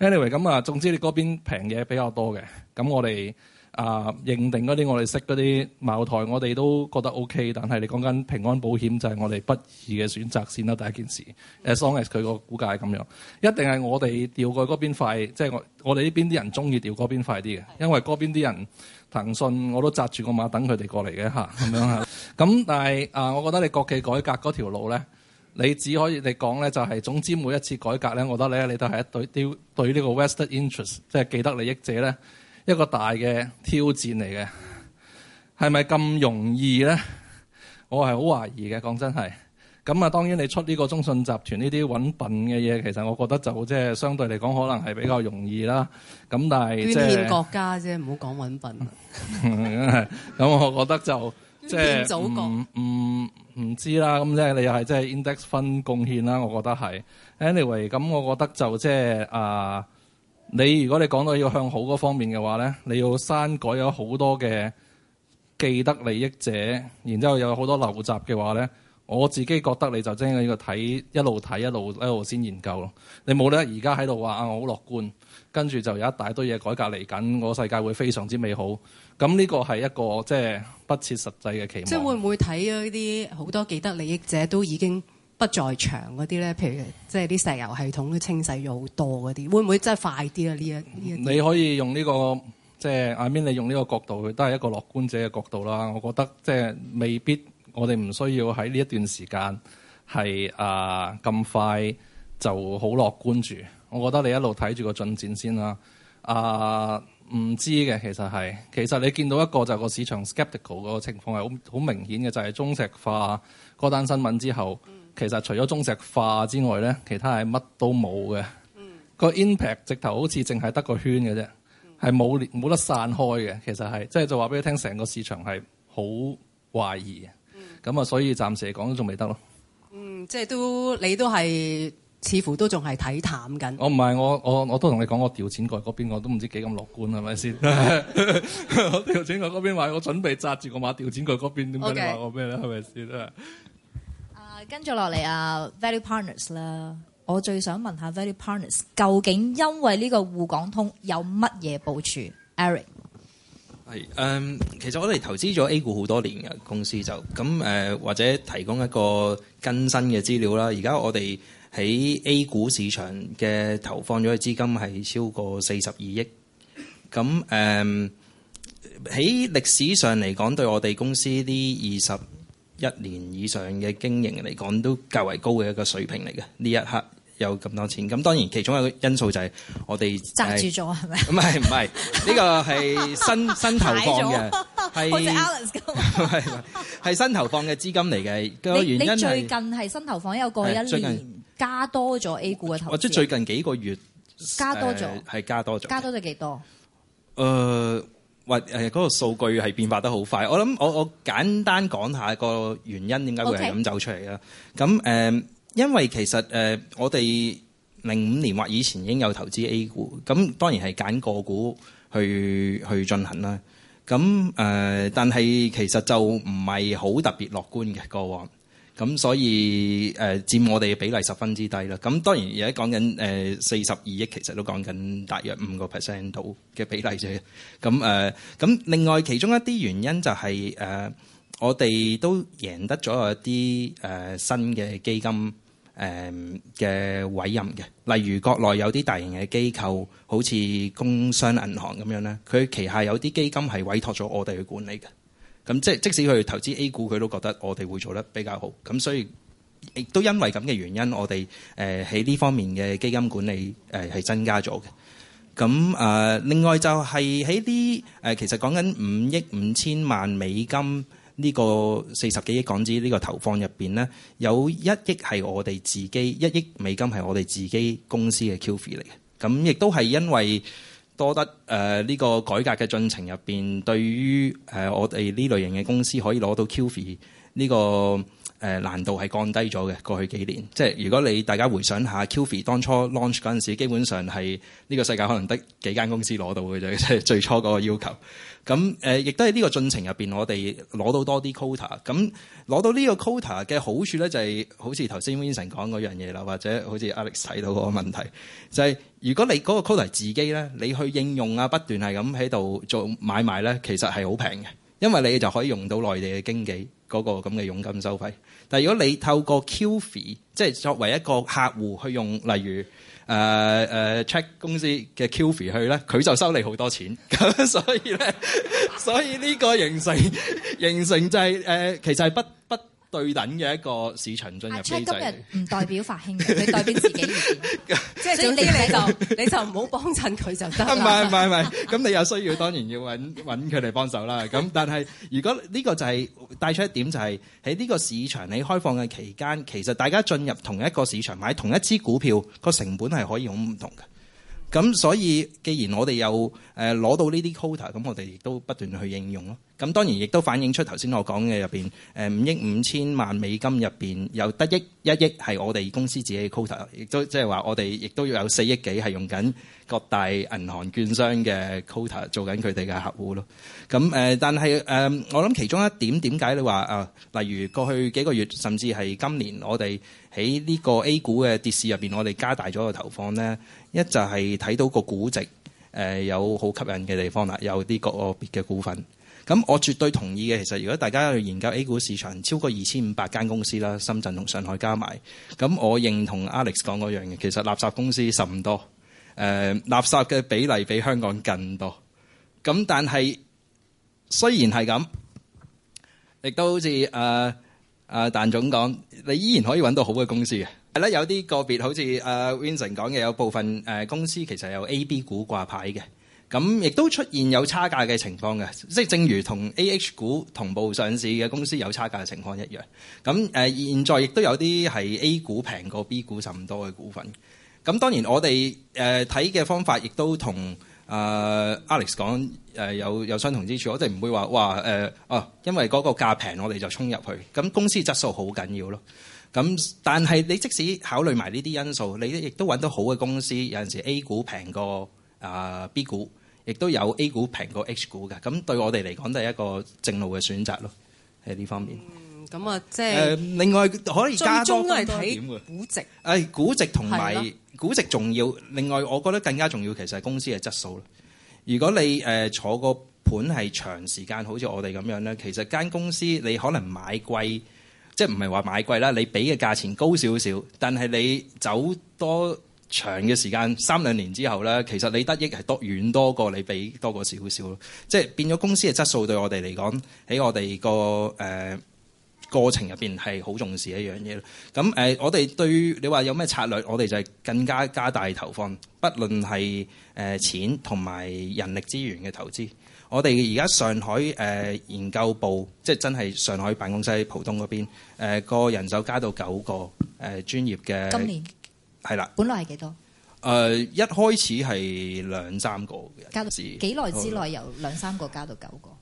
Anyway，咁啊，總之你嗰邊平嘢比較多嘅，咁我哋。啊，認定嗰啲我哋識嗰啲茅台，我哋都覺得 O、OK, K。但係你講緊平安保險就係我哋不易嘅選擇先啦，第一件事。As long as 佢個股價係咁樣，一定係我哋調過去嗰邊快，即、就、係、是、我我哋呢邊啲人中意調嗰邊快啲嘅。的因為嗰邊啲人騰訊我都紮住個馬等佢哋過嚟嘅咁樣咁，但係啊，我覺得你國企改革嗰條路咧，你只可以你講咧就係、是、總之每一次改革咧，我覺得咧你，你都係一對啲對呢個 vested interest，即係既得利益者咧。一個大嘅挑戰嚟嘅，係咪咁容易咧？我係好懷疑嘅。講真係，咁啊，當然你出呢個中信集團呢啲揾笨嘅嘢，其實我覺得就即係相對嚟講，可能係比較容易啦。咁但係，貢獻國家啫，唔好講揾笨。咁、 嗯嗯嗯嗯、我覺得就即係唔唔唔知啦。咁即係你又係即係 index fund 貢獻啦。我覺得係。anyway，咁我覺得就即係啊。呃你如果你講到要向好嗰方面嘅話咧，你要刪改咗好多嘅既得利益者，然之後有好多陋習嘅話咧，我自己覺得你就真係要睇一路睇一路一路先研究咯。你冇咧而家喺度話啊，我好樂觀，跟住就有一大堆嘢改革嚟緊，我世界會非常之美好。咁、這、呢個係一個即係不切實際嘅期望。即係會唔會睇呢啲好多既得利益者都已經？不在場嗰啲咧，譬如即係啲石油系統都清洗咗好多嗰啲，會唔會真係快啲啊？呢一呢一你可以用呢個即係阿 Min，你用呢個角度，佢都係一個樂觀者嘅角度啦。我覺得即係未必，我哋唔需要喺呢一段時間係啊咁快就好樂觀住。我覺得你一路睇住個進展先啦。啊、呃，唔知嘅其實係其實你見到一個就係個市場 skeptical 個情況係好好明顯嘅，就係中石化嗰單新聞之後。嗯其實除咗中石化之外咧，其他係乜都冇嘅。個、嗯、impact 直頭好似淨係得個圈嘅啫，係冇冇得散開嘅。其實係即係就話俾你聽，成個市場係好懷疑嘅。咁啊、嗯，所以暫時嚟講都仲未得咯。嗯，即係都你都係似乎都仲係睇淡緊。我唔係我我我都同你講，我掉錢櫃嗰邊我都唔知幾咁樂觀係咪先？掉 錢櫃嗰邊話我準備扎住個馬，掉錢櫃嗰邊點解你話 Okay. 我咩咧係咪先啊？是跟住落嚟啊，Value Partners 啦，我最想問下 Value Partners，究竟因為呢個滬港通有乜嘢部署？Eric 係，嗯，其實我哋投資咗 A 股好多年嘅，公司就咁，誒，或者提供一個更新嘅資料啦。而家我哋喺 A 股市場嘅投放咗嘅資金係超過四十二億，咁、嗯、誒，喺歷史上嚟講，對我哋公司啲二十。一年以上嘅經營嚟講，都較為高嘅一個水平嚟嘅。呢一刻有咁多錢，咁當然其中一個因素就係我哋揸住咗係咪？唔係唔係，呢個係新新投放嘅，係係新投放嘅資金嚟嘅。個原因係你最近係新投放有過一年加多咗 A 股嘅投資？即係最近幾個月加多咗，係加多咗，加多咗幾多？呃。或誒嗰個數據係變化得好快，我諗我我簡單講下個原因點解會係咁走出嚟嘅。咁誒 Okay.、呃，因為其實誒、呃、我哋零五年或以前已經有投資 A 股，咁當然係揀個股去去進行啦。咁誒、呃，但係其實就唔係好特別樂觀嘅過往。咁、嗯、所以誒、呃、佔我哋嘅比例十分之低啦。咁、嗯、當然而家講緊誒四十二億，其實都講緊大約五個 percent 到嘅比例啫。咁、嗯、誒，咁、呃、另外其中一啲原因就係、是、誒、呃、我哋都贏得咗一啲誒、呃、新嘅基金誒嘅、呃、委任嘅，例如國內有啲大型嘅機構，好似工商銀行咁樣咧，佢旗下有啲基金係委託咗我哋去管理嘅。咁即係即使佢投資 A 股，佢都覺得我哋會做得比較好。咁所以亦都因為咁嘅原因，我哋誒喺呢方面嘅基金管理誒係、呃、增加咗嘅。咁、呃、另外就係喺啲，其實講緊五億五千萬美金呢、呢個四十幾億港紙呢個投放入面，有一億係我哋自己一億美金係我哋自己公司嘅 QF 嚟嘅。咁亦都係因為，多得誒呢、呃這個改革嘅進程入邊，對於誒、呃、我哋呢類型嘅公司可以攞到 QF 呢、這個。誒難度係降低咗嘅，過去幾年，即係如果你大家回想下 QFII 當初 launch 嗰陣時，基本上係呢個世界可能得幾間公司攞到嘅啫，即係最初嗰個要求。咁誒，亦都係呢個進程入面，我哋攞到多啲 quota。咁攞到呢個 quota 嘅好處咧，就係、是、好似頭先 Vincent 講嗰樣嘢啦，或者好似 Alex 睇到嗰個問題，就係、是、如果你嗰個 quota 自己咧，你去應用啊，不斷係咁喺度做買賣咧，其實係好平嘅，因為你就可以用到內地嘅經紀。嗰個咁嘅佣金收費，但係如果你透過 QFII 即係作為一個客戶去用，例如誒誒、呃呃、Check 公司嘅 QFII 去咧，佢就收你好多錢，咁所以咧，所以呢個形成形成就係、是、誒、呃，其實係不不。不對等嘅一個市場進入方式。今日唔代表法興嘅， 你代表自己。 即係你，你就你就唔好幫襯佢就得。唔係唔係唔係，咁你有需要當然要搵佢哋幫手啦。咁但係如果呢個就係帶出一點，就係喺呢個市場你開放嘅期間，其實大家進入同一個市場買同一支股票個成本係可以好唔同嘅。咁所以既然我哋有誒攞、呃、到呢啲 quota，咁我哋亦都不斷去應用咯。咁當然亦都反映出頭先我講嘅入面，誒五億五千萬美金入面有得益1億一億係我哋公司自己嘅 quota，亦都即係話我哋亦都要有四億幾係用緊各大銀行券商嘅 quota 做緊佢哋嘅客戶咯。咁但係我諗其中一點點解你話啊，例如過去幾個月甚至係今年我哋喺呢個 A 股嘅跌市入面，我哋加大咗個投放咧，一就係睇到個估值有好吸引嘅地方啦，有啲個別嘅股份。咁我絕對同意嘅，其實如果大家去研究 A 股市場，超過二千五百間公司啦，深圳同上海加埋，咁我認同 Alex 講嗰樣嘅，其實垃圾公司甚多，誒、呃、垃圾嘅比例比香港更多，咁但係雖然係咁，亦都好似誒誒但總講，你依然可以搵到好嘅公司嘅。係啦，有啲個別好似誒、呃、Vincent 講嘅，有部分、呃、公司其實有 A、B 股掛牌嘅。咁亦都出現有差價嘅情況嘅，即係正如同 AH 股同步上市嘅公司有差價嘅情況一樣。咁誒，現在亦都有啲係 A 股平過 B 股甚多嘅股份。咁當然我哋誒睇嘅方法亦都同誒 Alex 講有有相同之處。我哋唔會話哇誒哦，因為嗰個價平，我哋就衝入去。咁公司質素好緊要咯。咁但係你即使考慮埋呢啲因素，你亦都搵到好嘅公司。有陣時 A 股平過啊 B 股。亦都有 A 股平過 H 股嘅，咁對我哋嚟講都係一個正路嘅選擇咯，喺呢方面。嗯，咁啊、就是，即係、呃、另外可以加都係睇估值。誒，估、呃、值同埋估值重要。另外，我覺得更加重要其實係公司嘅質素啦。如果你、呃、坐個盤係長時間，好似我哋咁樣咧，其實間公司你可能買貴，即唔係話買貴啦？你俾嘅價錢高少少，但係你走多。長嘅時間三兩年之後呢，其實你得益係多遠多過你俾多過少少咯。即係變咗公司嘅質素，對我哋嚟講，喺我哋個誒過程入面係好重視一樣嘢咯。咁、呃、我哋對於你話有咩策略，我哋就係更加加大投放，不論係誒、呃、錢同埋人力資源嘅投資。我哋而家上海誒、呃、研究部，即係真係上海辦公室，浦東嗰邊誒個人手加到九個誒、呃、專業嘅。今年。係啦，本來係幾多？誒、呃，一開始係兩三個嘅，加到幾耐之內由兩三個加到九個？誒、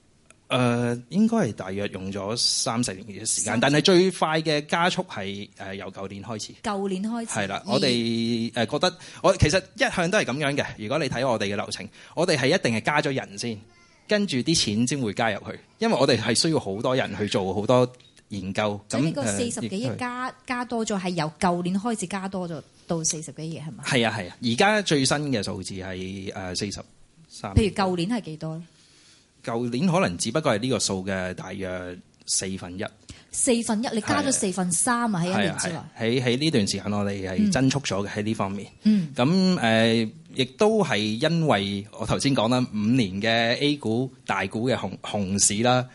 呃，應該係大約用咗三十年嘅時間，但係最快嘅加速係誒由舊年開始。舊年開始，係啦，我哋誒覺得我而其實一向都係咁樣嘅。如果你睇我哋嘅流程，我哋係一定係加咗人先，跟住啲錢先會加入去，因為我哋係需要好多人去做好多。研究，咁呢個四十幾億加、呃、加多咗，係由舊年開始加多咗到四十幾億，係嘛？係啊係啊，而家、啊、最新嘅數字係誒四十。三、呃。43，譬如舊年係幾多咧？舊年可能只不過係呢個數嘅大約四分一。四分一，你加咗四分三啊？喺一年之內，喺喺呢段時間我哋係增速咗嘅喺呢方面。嗯，咁、呃、誒亦都係因為我頭先講啦，五年嘅 A 股大股嘅熊熊市啦。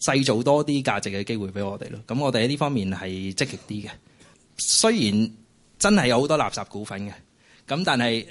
製造多啲價值嘅機會俾我哋咯，咁我哋喺呢方面係積極啲嘅。雖然真係有好多垃圾股份嘅，咁但係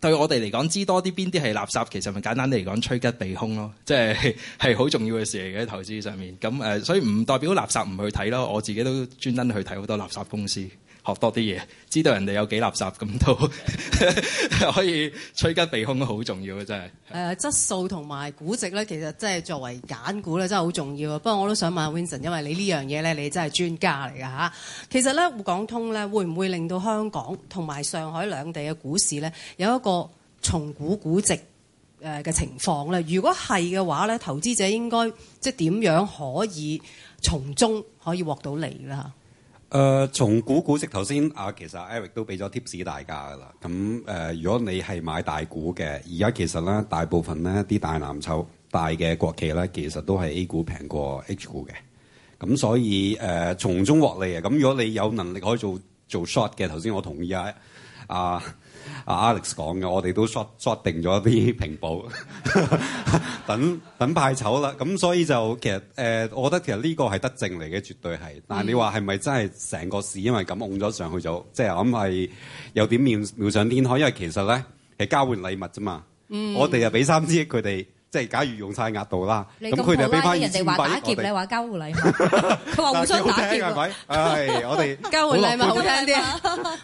對我哋嚟講，知多啲邊啲係垃圾，其實咪簡單啲嚟講，趨吉避凶咯，即係係好重要嘅事嚟嘅喺投資上面。咁誒，所以唔代表垃圾唔去睇咯，我自己都專登去睇好多垃圾公司。學多啲嘢，知道人哋有幾垃圾咁都、嗯嗯、 可以趨吉避凶，好重要嘅真係、呃。質素同埋估值咧，其實即係作為揀股咧，真係好重要。不過我都想問下 Vincent，因為你呢樣嘢咧，你真係專家嚟㗎、啊。其實咧，滬港通咧，會唔會令到香港同埋上海兩地嘅股市咧，有一個重估估值嘅情況咧？如果係嘅話咧，投資者應該即係點樣可以從中可以獲到利啦？誒、呃，從股股息頭先啊，其實 Eric 都俾咗 tips 大家噶啦。咁誒、呃，如果你係買大股嘅，而家其實咧，大部分咧啲大藍籌、大嘅國企咧，其實都係 A 股平過 H 股嘅。咁所以誒、呃，從中獲利啊。咁如果你有能力可以做做 short 嘅，頭先我同意啊啊。 阿 Alex 講嘅，我哋都 short short 定咗啲平保， 等等派籌啦。咁所以就其實誒、呃，我覺得其實呢個係得正嚟嘅，絕對係。但係你話係咪真係成個市因為咁拱咗上去咗？即、就、係、是、我諗係有點妙妙想天開，因為其實咧係交換禮物啫嘛。嗯、我哋就俾三千億佢哋。即係假如用晒額度啦，咁佢就俾翻返人哋話打劫你話交換禮。佢話唔想打劫喎。係我哋交換禮物好聽啲，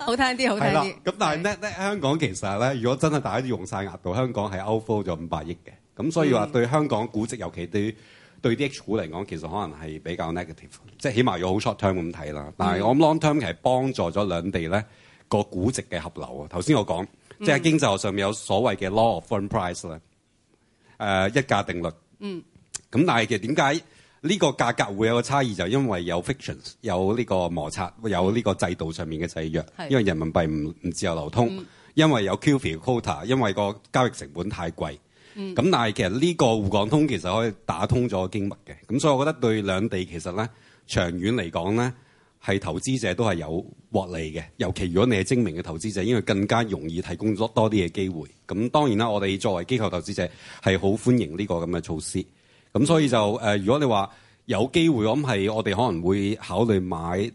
好聽啲，好聽啲。咁但係咧，對香港其實咧，如果真係大家用晒額度，香港係 outflow 咗五百億嘅。咁所以話對香港估值，尤其對於對啲 H 股嚟講，其實可能係比較 negative。即係起碼要好 short term 咁睇啦。但係我諗 long term 其實幫助咗兩地咧、呢個估值嘅合流啊。頭先我講、嗯、即係經濟學上面有所謂嘅 law of one price 咧。誒、uh, 一價定律，嗯，咁但係其實點解呢個價格會有個差異？就因為有 frictions，有呢個摩擦，有呢個制度上面嘅制約。嗯、因為人民幣唔唔自由流通，嗯、因為有 QFII quota，因為個交易成本太貴。咁、嗯、但係其實呢個滬港通其實可以打通咗經脈嘅。咁所以我覺得對兩地其實咧，長遠嚟講咧。係投資者都係有獲利嘅，尤其如果你係精明嘅投資者，應該更加容易提供多多啲嘅機會。咁當然啦，我哋作為機構投資者係好歡迎呢個咁嘅措施。咁所以就誒、呃，如果你話有機會咁係，我哋可能會考慮買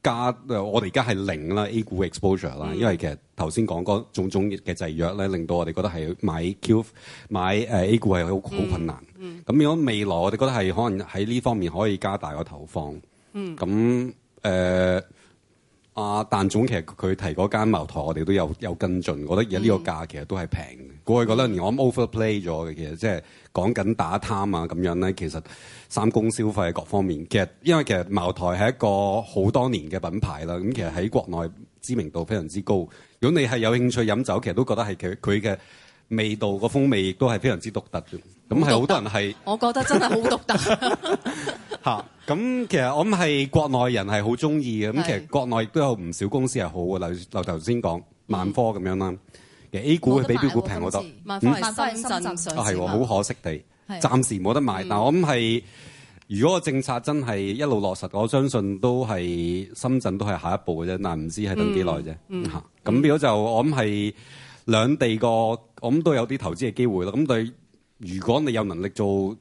加。我哋而家係零啦，A 股 exposure 啦，嗯、因為其實頭先講嗰種種嘅制約咧，令到我哋覺得係買 Q 買誒 A 股係好好困難。咁、嗯嗯、如果未來我哋覺得係可能喺呢方面可以加大個投放。咁、嗯誒阿、呃啊、但總其實佢提嗰間茅台，我哋都有有跟進，覺得而家呢個價其實都係平嘅。過去兩年我諗 overplay 咗嘅，其實即係講緊打貪啊咁樣咧，其實三公消費各方面，其實因為其實茅台係一個好多年嘅品牌啦，咁其實喺國內知名度非常之高。如果你係有興趣飲酒，其實都覺得係佢佢嘅味道、個風味都係非常之獨特嘅。咁係好多人係，我覺得真係好獨特吓。咁其實我諗係國內人係好中意嘅。咁其實國內亦都有唔少公司係好嘅，例如，例如頭先講萬科咁樣啦。其實 A 股比 B 股平，我覺得。萬科係深圳。啊，係，好可惜地，暫時冇得買。但我諗係，如果個政策真係一路落實，我相信都係深圳都係下一步嘅啫。但係唔知係等幾耐啫吓。咁變咗，就我諗係兩地個，我諗都有啲投資嘅機會啦咁對。如果你有能力做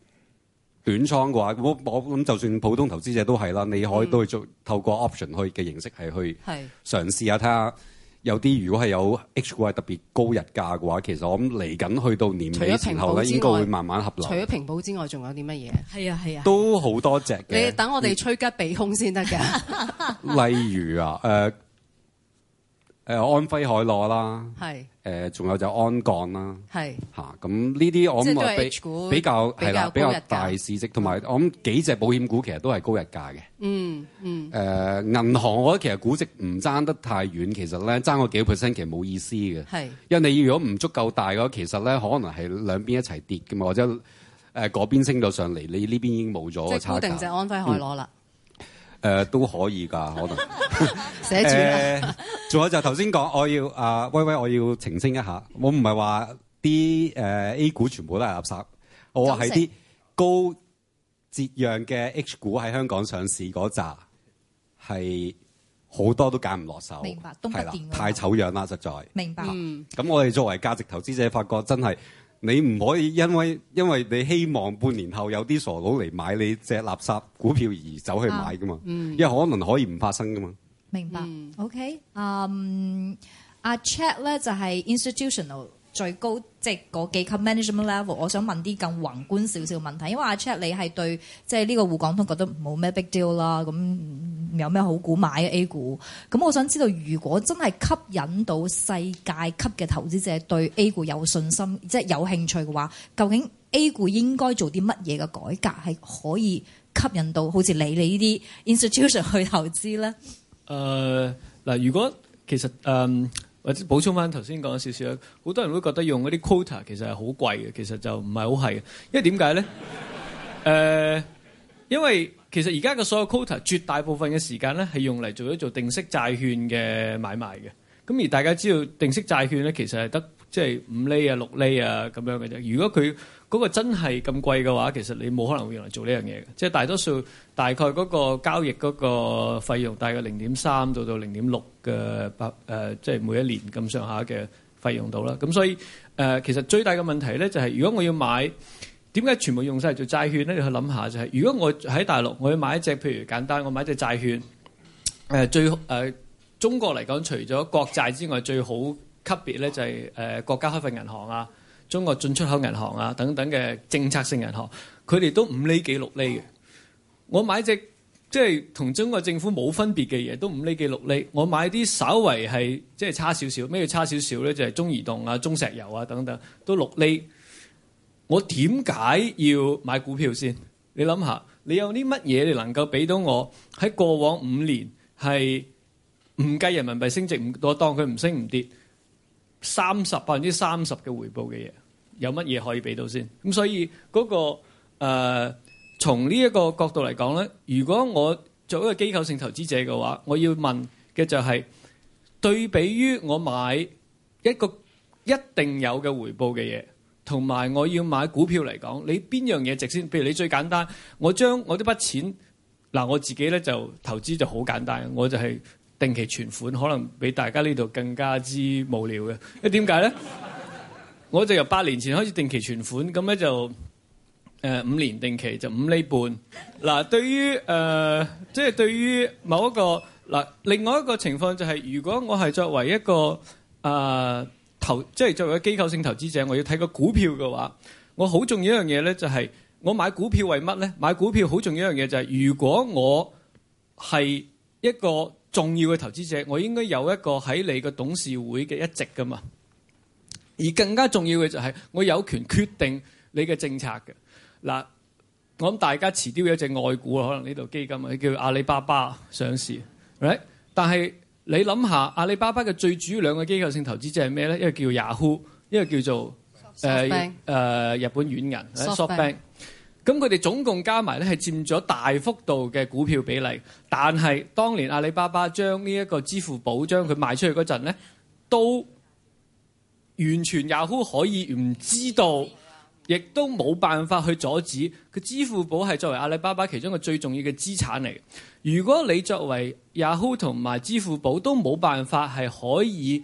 短倉嘅話，我我諗就算普通投資者都係啦，你可以都係做、嗯、透過 option 去嘅形式係去嘗試下睇下，看看有啲如果係有 H 股係特別高日價嘅話，其實我諗嚟緊去到年尾嘅時候咧，應該會慢慢合流。除咗平保之外，仲有啲乜嘢？係啊係啊，啊啊都好多隻嘅。你等我哋吹吉避空先得㗎。 例如啊，誒、呃、誒、呃呃、安徽海螺啦，係。誒，仲、呃、有就安鋼啦，咁呢啲我咁比，比較比較係啦，比較大市值，同埋我諗幾隻保險股其實都係高日價嘅、嗯。嗯嗯。誒、呃，銀行我覺得其實估值唔爭得太遠，其實咧爭個幾 percent 其實冇意思嘅。係是。因為你如果唔足夠大嘅話，其實咧可能係兩邊一齊跌嘅嘛，或者嗰、呃、邊升到上嚟，你呢邊已經冇咗個差價。即係固定就，就安徽海螺啦。嗯。誒、呃、都可以㗎，可能 寫著了、呃。誒，仲有就頭先講，我要啊威威，我要澄清一下，我唔係話啲誒 A 股全部都係垃圾，我話係啲高折讓嘅 H 股喺香港上市嗰扎係好多都揀唔落手，係啦，太醜樣啦，實在。明白。咁、啊嗯嗯、我哋作為價值投資者，發覺真係。你唔可以因為因為你希望半年後有啲傻佬嚟買你隻垃圾股票而走去買噶嘛、啊？嗯，因為可能可以唔發生噶嘛。明白。嗯、OK，啊，阿 Chat 咧就係 institutional。最高即係個幾級 management level，我想問啲更宏觀少少問題。因為阿 Check 你係對即係呢個滬港通覺得冇咩 big deal 啦，咁有咩好股買啊 A 股？咁我想知道，如果真係吸引到世界級嘅投資者對 A 股有信心，即係有興趣嘅話，究竟 A 股應該做啲乜嘢嘅改革係可以吸引到好似你你呢啲 institution 去投資咧？誒嗱、呃，如果其實誒。呃或者補充翻頭先講少少，好多人會覺得用嗰啲 quota 其實係好貴嘅，其實就唔係好係，因為點解咧？誒、 呃，因為其實而家嘅所有 quota 絕大部分嘅時間咧係用嚟做一做定息債券嘅買賣嘅，咁而大家知道定息債券咧其實係得即係五厘啊六厘啊咁樣嘅啫，如果佢。嗰個真係咁貴嘅話，其實你冇可能會用嚟做呢樣嘢嘅。即係大多數，大概嗰個交易嗰個費用大概零點三到到零點六嘅百誒，即係每一年咁上下嘅費用到啦。咁所以、呃、其實最大嘅問題咧就係，如果我要買，點解全部用晒做債券咧？你去諗下就係，如果我喺大陸我要買一隻，譬如簡單，我買一隻債券、呃、最、呃、中國嚟講，除咗國債之外，最好級別咧就係誒國家開發銀行啊。中國進出口銀行啊，等等嘅政策性銀行，佢哋都五厘幾六厘嘅。我買隻即係同中國政府冇分別嘅嘢，都五厘幾六厘。我買啲稍為係即係差少少，咩叫差少少咧？就係中移動啊、中石油啊等等，都六厘。我點解要買股票先？你諗下，你有啲乜嘢你能夠俾到我喺過往五年係唔計人民幣升值，唔多，當佢唔升唔跌，三十百分之三十嘅回報嘅嘢？有乜嘢可以俾到先？咁所以嗰、嗰個誒、呃，從呢一個角度嚟講咧，如果我作做一個機構性投資者嘅話，我要問嘅就係、係，對比於我買一個一定有嘅回報嘅嘢，同埋我要買股票嚟講，你邊樣嘢值先？譬如你最簡單，我將我呢筆錢嗱，我自己咧就投資就好簡單，我就係定期存款，可能比大家呢度更加之無聊嘅。誒，點解咧？我就由八年前開始定期存款，咁咧就誒、呃、五年定期就五厘半。嗱、啊，對於誒，即、呃、係、就是、對於某一個嗱、啊，另外一個情況就係、是，如果我係作為一個誒、啊、投，即、就、係、是、作為一個機構性投資者，我要睇個股票嘅話，我好重要一樣嘢咧，就係我買股票為乜咧？買股票好重要一樣嘢就係，如果我係一個重要嘅投資者，我應該有一個喺你個董事會嘅一席噶嘛。而更加重要嘅就係我有權決定你嘅政策嘅。嗱、啊，我諗大家持掉一隻外股啊，可能呢度基金啊，叫阿里巴巴上市，right？但係你諗下，阿里巴巴嘅最主要兩個機構性投資者係咩咧？一個叫 Yahoo，一個叫做誒誒日本軟銀。Softbank。咁佢哋總共加埋咧係佔咗大幅度嘅股票比例，但係當年阿里巴巴將呢一個支付寶將佢賣出去嗰陣咧，都完全 Yahoo 可以唔知道，亦都冇辦法去阻止。佢支付寶係作為阿里巴巴其中嘅最重要嘅資產嚟嘅。如果你作為 Yahoo 同埋支付寶都冇辦法係可以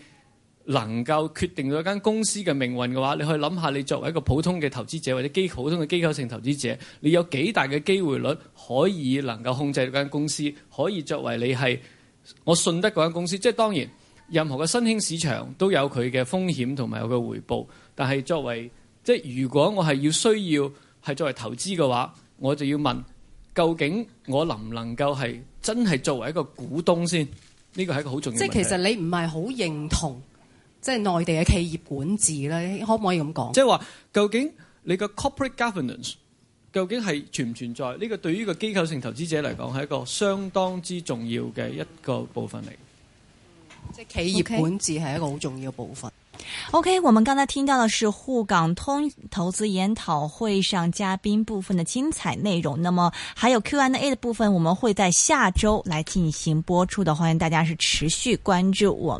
能夠決定咗間公司嘅命運嘅話，你去諗下，你作為一個普通嘅投資者或者基普通嘅機構性投資者，你有幾大嘅機會率可以能夠控制嗰間公司，可以作為你係我信得嗰間公司。即係當然。任何嘅新興市場都有佢嘅風險同埋有個回報，但係作為即如果我係要需要係作為投資嘅話，我就要問究竟我能唔能夠係真係作為一個股東先？呢個係一個好重要嘅問題。即其實你唔係好認同即、就是、內地嘅企業管治咧，你可唔可以咁講？即係話究竟你嘅 corporate governance 究竟係存唔存在？呢、呢個對於個機構性投資者嚟講係一個相當之重要嘅一個部分嚟。即係企業管治係一個好重要嘅部分。OK，我們剛才聽到嘅是滬港通投資研討會上嘉賓部分嘅精彩內容。那麼還有 Q and A 的部分，我們會在下週來進行播出的。歡迎大家是持續關注我們。